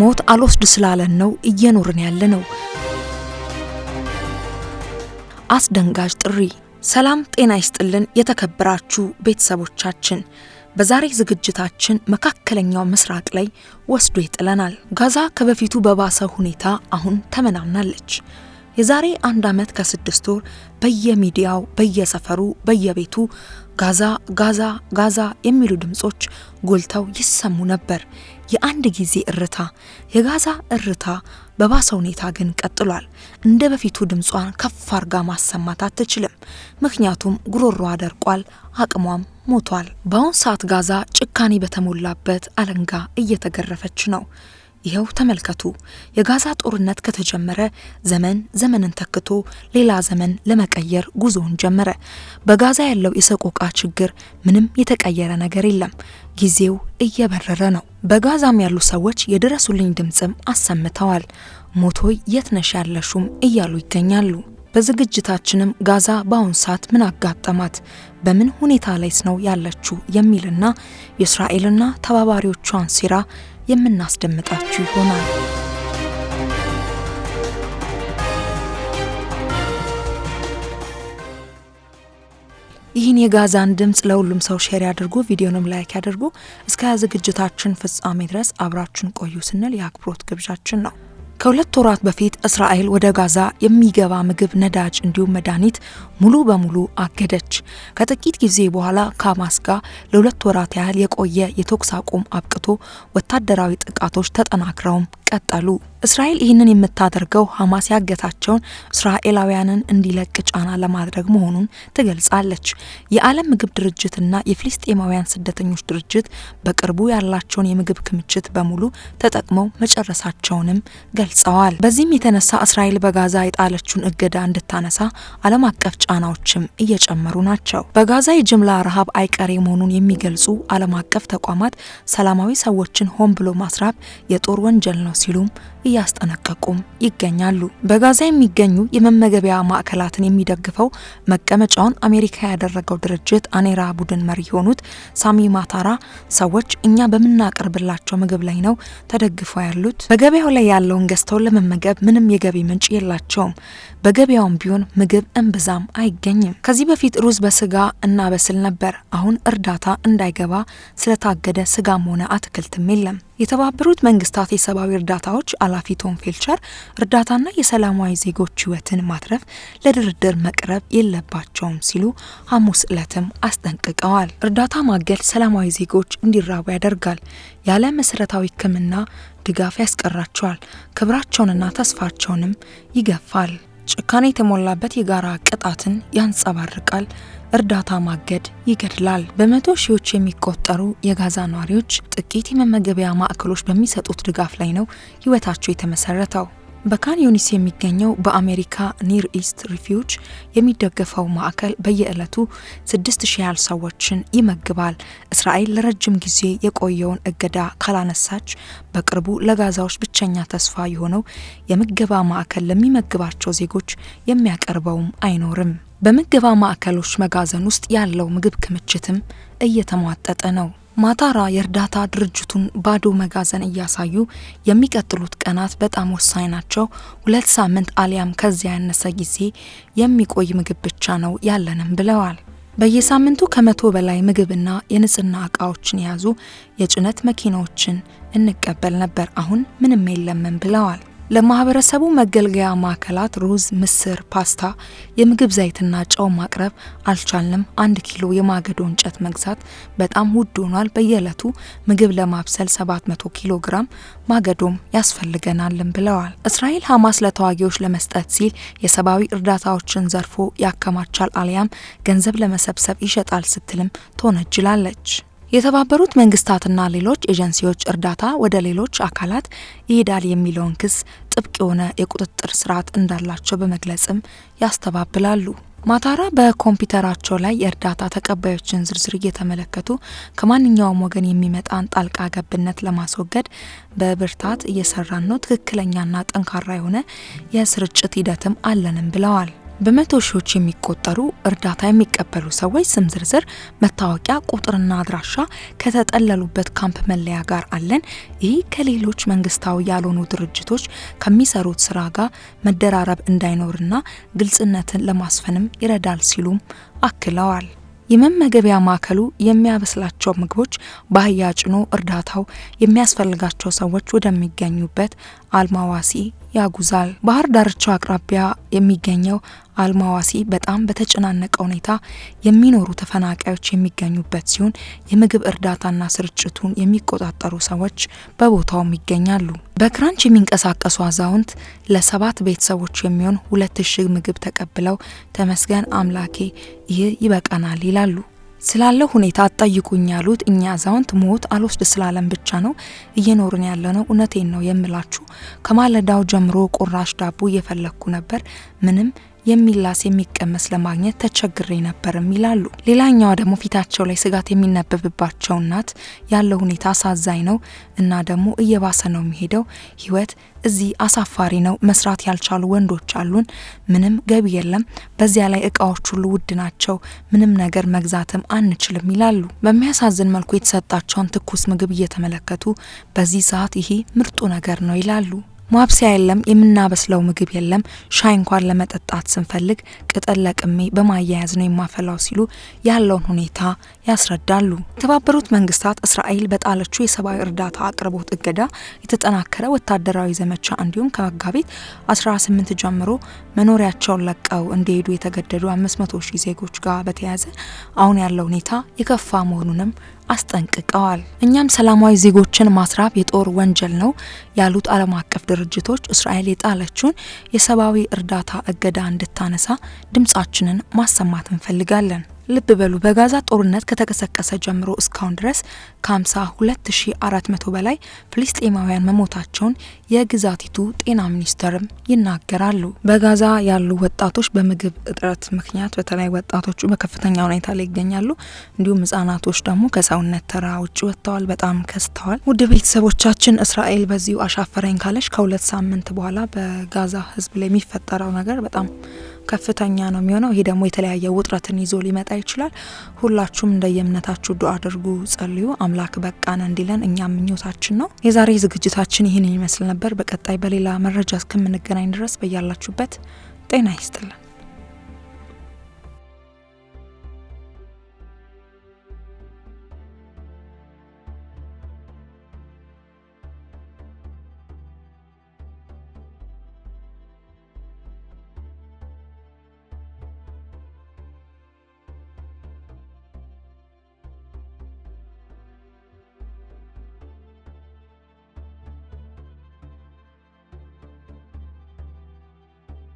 ሞት አልወስድ ስላለን ነው እየኖርን ያለ ነው። አስደንጋጭ ጥሪ። ሰላም ጤና ይስጥልን የተከበራችሁ ቤተሰቦቻችን፣ በዛሬ ዝግጅታችን መካከለኛው ምስራቅ ላይ ወስዶ ይጥለናል። ጋዛ ከበፊቱ በባሰ ሁኔታ አሁን ተመናምናለች። የዛሬ አንድ ዓመት ከስድስት ወር በየሚዲያው፣ በየሰፈሩ፣ በየቤቱ ጋዛ ጋዛ ጋዛ የሚሉ ድምጾች ጎልተው ይሰሙ ነበር። የአንድ ጊዜ እርታ፣ የጋዛ እርታ በባሰ ሁኔታ ግን ቀጥሏል። እንደ በፊቱ ድምጿን ከፍ አርጋ ማሰማት አትችልም፣ ምክንያቱም ጉሮሯ ደርቋል፣ አቅሟም ሞቷል። በአሁን ሰዓት ጋዛ ጭካኔ በተሞላበት አለንጋ እየተገረፈች ነው። ይኸው ተመልከቱ። የጋዛ ጦርነት ከተጀመረ ዘመን ዘመንን ተክቶ ሌላ ዘመን ለመቀየር ጉዞውን ጀመረ። በጋዛ ያለው የሰቆቃ ችግር ምንም የተቀየረ ነገር የለም። ጊዜው እየበረረ ነው። በጋዛም ያሉ ሰዎች የድረሱልኝ ድምፅም አሰምተዋል። ሞቶይ የት ነሽ ያለሹም እያሉ ይገኛሉ። በዝግጅታችንም ጋዛ በአሁን ሰዓት ምን አጋጠማት፣ በምን ሁኔታ ላይስ ነው ያለችው የሚልና የእስራኤልና ተባባሪዎቿን ሴራ የምናስደምጣችሁ ይሆናል። ይህን የጋዛን ድምፅ ለሁሉም ሰው ሼር ያድርጉ፣ ቪዲዮንም ላይክ ያድርጉ። እስከ ዝግጅታችን ፍጻሜ ድረስ አብራችን ቆዩ ስንል የአክብሮት ግብዣችን ነው። ከሁለት ወራት በፊት እስራኤል ወደ ጋዛ የሚገባ ምግብ፣ ነዳጅ እንዲሁም መድኃኒት ሙሉ በሙሉ አገደች። ከጥቂት ጊዜ በኋላ ከሐማስ ጋር ለሁለት ወራት ያህል የቆየ የተኩስ አቁም አብቅቶ ወታደራዊ ጥቃቶች ተጠናክረውም ቀጠሉ። እስራኤል ይህንን የምታደርገው ሐማስ ያገታቸውን እስራኤላውያንን እንዲለቅ ጫና ለማድረግ መሆኑን ትገልጻለች። የዓለም ምግብ ድርጅትና የፍልስጤማውያን ስደተኞች ድርጅት በቅርቡ ያላቸውን የምግብ ክምችት በሙሉ ተጠቅመው መጨረሳቸውንም ገልጸዋል። በዚህም የተነሳ እስራኤል በጋዛ የጣለችውን እገዳ እንድታነሳ ዓለም አቀፍ ጫናዎችም እየጨመሩ ናቸው። በጋዛ የጅምላ ረሃብ አይቀሬ መሆኑን የሚገልጹ ዓለም አቀፍ ተቋማት ሰላማዊ ሰዎችን ሆን ብሎ ማስራብ የጦር ወንጀል ነው ሲሉም እያስጠነቀቁም ይገኛሉ። በጋዛ የሚገኙ የመመገቢያ ማዕከላትን የሚደግፈው መቀመጫውን አሜሪካ ያደረገው ድርጅት አኔራ ቡድን መሪ የሆኑት ሳሚ ማታራ ሰዎች እኛ በምናቀርብላቸው ምግብ ላይ ነው ተደግፈው ያሉት፣ በገበያው ላይ ያለውን ገዝተው ለመመገብ ምንም የገቢ ምንጭ የላቸውም። በገበያውም ቢሆን ምግብ እምብዛም አይገኝም። ከዚህ በፊት ሩዝ በስጋ እናበስል ነበር። አሁን እርዳታ እንዳይገባ ስለታገደ ስጋም ሆነ አትክልትም የለም። የተባበሩት መንግስታት የሰብአዊ እርዳታዎች አላፊ ቶም ፌልቸር እርዳታና የሰላማዊ ዜጎች ህይወትን ማትረፍ ለድርድር መቅረብ የለባቸውም ሲሉ ሐሙስ ዕለትም አስጠንቅቀዋል። እርዳታ ማገድ ሰላማዊ ዜጎች እንዲራቡ ያደርጋል፣ ያለ መሰረታዊ ህክምና ድጋፍ ያስቀራቸዋል፣ ክብራቸውንና ተስፋቸውንም ይገፋል። ጭካኔ የተሞላበት የጋራ ቅጣትን ያንጸባርቃል። እርዳታ ማገድ ይገድላል። በመቶ ሺዎች የሚቆጠሩ የጋዛ ነዋሪዎች ጥቂት የመመገቢያ ማዕከሎች በሚሰጡት ድጋፍ ላይ ነው ህይወታቸው የተመሰረተው። በካን ዩኒስ የሚገኘው በአሜሪካ ኒር ኢስት ሪፊውጅ የሚደገፈው ማዕከል በየዕለቱ 6000 ያህል ሰዎችን ይመግባል። እስራኤል ለረጅም ጊዜ የቆየውን እገዳ ካላነሳች በቅርቡ ለጋዛዎች ብቸኛ ተስፋ የሆነው የምገባ ማዕከል ለሚመግባቸው ዜጎች የሚያቀርበውም አይኖርም። በምገባ ማዕከሎች መጋዘን ውስጥ ያለው ምግብ ክምችትም እየተሟጠጠ ነው። ማታራ የእርዳታ ድርጅቱን ባዶ መጋዘን እያሳዩ የሚቀጥሉት ቀናት በጣም ወሳኝ ናቸው። ሁለት ሳምንት አሊያም ከዚያ ያነሰ ጊዜ የሚቆይ ምግብ ብቻ ነው ያለንም ብለዋል። በየሳምንቱ ከመቶ በላይ ምግብና የንጽህና እቃዎችን የያዙ የጭነት መኪናዎችን እንቀበል ነበር፣ አሁን ምንም የለምን ብለዋል። ለማህበረሰቡ መገልገያ ማዕከላት ሩዝ፣ ምስር፣ ፓስታ፣ የምግብ ዘይትና ጨው ማቅረብ አልቻልንም። አንድ ኪሎ የማገዶ እንጨት መግዛት በጣም ውድ ሆኗል። በየዕለቱ ምግብ ለማብሰል 700 ኪሎ ግራም ማገዶም ያስፈልገናልን ብለዋል። እስራኤል ሐማስ ለተዋጊዎች ለመስጠት ሲል የሰብአዊ እርዳታዎችን ዘርፎ ያከማቻል አሊያም ገንዘብ ለመሰብሰብ ይሸጣል ስትልም ትወነጅላለች። የተባበሩት መንግስታትና ሌሎች ኤጀንሲዎች እርዳታ ወደ ሌሎች አካላት ይሄዳል የሚለውን ክስ ጥብቅ የሆነ የቁጥጥር ስርዓት እንዳላቸው በመግለጽም ያስተባብላሉ። ማታራ በኮምፒውተራቸው ላይ የእርዳታ ተቀባዮችን ዝርዝር እየተመለከቱ ከማንኛውም ወገን የሚመጣን ጣልቃ ገብነት ለማስወገድ በብርታት እየሰራን ነው፣ ትክክለኛና ጠንካራ የሆነ የስርጭት ሂደትም አለንም ብለዋል። በመቶ ሺዎች የሚቆጠሩ እርዳታ የሚቀበሉ ሰዎች ስም ዝርዝር፣ መታወቂያ ቁጥርና አድራሻ ከተጠለሉበት ካምፕ መለያ ጋር አለን። ይህ ከሌሎች መንግስታዊ ያልሆኑ ድርጅቶች ከሚሰሩት ስራ ጋር መደራረብ እንዳይኖርና ግልጽነትን ለማስፈንም ይረዳል ሲሉም አክለዋል። የመመገቢያ ማዕከሉ የሚያበስላቸው ምግቦች በአህያ ጭኖ እርዳታው የሚያስፈልጋቸው ሰዎች ወደሚገኙበት አልማዋሲ ያጉዛል። ባህር ዳርቻው አቅራቢያ የሚገኘው አልማዋሲ በጣም በተጨናነቀ ሁኔታ የሚኖሩ ተፈናቃዮች የሚገኙበት ሲሆን የምግብ እርዳታና ስርጭቱን የሚቆጣጠሩ ሰዎች በቦታውም ይገኛሉ። በክራንች የሚንቀሳቀሱ አዛውንት ለሰባት ቤተሰቦች የሚሆን ሁለት እሽግ ምግብ ተቀብለው ተመስገን አምላኬ ይህ ይበቃናል ይላሉ። ስላለ ሁኔታ አትጠይቁኝ ያሉት እኛ አዛውንት ሞት አልወስድ ስላለን ብቻ ነው እየኖርን ያለ ነው። እውነቴን ነው የምላችሁ። ከማለዳው ጀምሮ ቁራሽ ዳቦ እየፈለግኩ ነበር። ምንም የሚላስ የሚቀመስ ለማግኘት ተቸግሬ ነበርም ይላሉ። ሌላኛዋ ደግሞ ፊታቸው ላይ ስጋት የሚነበብባቸው እናት ያለው ሁኔታ አሳዛኝ ነው እና ደግሞ እየባሰ ነው የሚሄደው ህይወት እዚህ አሳፋሪ ነው። መስራት ያልቻሉ ወንዶች አሉን። ምንም ገቢ የለም። በዚያ ላይ እቃዎች ሁሉ ውድ ናቸው። ምንም ነገር መግዛትም አንችልም ይላሉ። በሚያሳዝን መልኩ የተሰጣቸውን ትኩስ ምግብ እየተመለከቱ በዚህ ሰዓት ይሄ ምርጡ ነገር ነው ይላሉ። ማብሰያ የለም፣ የምናበስለው ምግብ የለም፣ ሻይ እንኳን ለመጠጣት ስንፈልግ ቅጠል ለቅሜ በማያያዝ ነው የማፈላው ሲሉ ያለውን ሁኔታ ያስረዳሉ። የተባበሩት መንግስታት እስራኤል በጣለችው የሰብአዊ እርዳታ አቅርቦት እገዳ የተጠናከረ ወታደራዊ ዘመቻ እንዲሁም ከመጋቢት 18 ጀምሮ መኖሪያቸውን ለቀው እንዲሄዱ የተገደዱ 500 ሺህ ዜጎች ጋር በተያያዘ አሁን ያለው ሁኔታ የከፋ መሆኑንም አስጠንቅቀዋል። እኛም ሰላማዊ ዜጎችን ማስራብ የጦር ወንጀል ነው ያሉት ዓለም አቀፍ ድርጅቶች እስራኤል የጣለችውን የሰብአዊ እርዳታ እገዳ እንድታነሳ ድምጻችንን ማሰማት እንፈልጋለን። ልብ በሉ በጋዛ ጦርነት ከተቀሰቀሰ ጀምሮ እስካሁን ድረስ ከ52400 በላይ ፍልስጤማውያን መሞታቸውን የግዛቲቱ ጤና ሚኒስቴርም ይናገራሉ። በጋዛ ያሉ ወጣቶች በምግብ እጥረት ምክንያት በተለይ ወጣቶቹ በከፍተኛ ሁኔታ ላይ ይገኛሉ። እንዲሁም ህጻናቶች ደግሞ ከሰውነት ተራ ውጭ ወጥተዋል፣ በጣም ከስተዋል። ውድ ቤተሰቦቻችን እስራኤል በዚሁ አሻፈረኝ ካለች ከሁለት ሳምንት በኋላ በጋዛ ህዝብ ላይ የሚፈጠረው ነገር በጣም ከፍተኛ ነው የሚሆነው። ይሄ ደግሞ የተለያየ ውጥረትን ይዞ ሊመጣ ይችላል። ሁላችሁም የእምነታችሁ ዱ አድርጉ፣ ጸልዩ። አምላክ በቃን እንዲለን እኛም ምኞታችን ነው። የዛሬ ዝግጅታችን ይህንን ይመስል ነበር። በቀጣይ በሌላ መረጃ እስከምንገናኝ ድረስ በያላችሁበት ጤና ይስጥልን።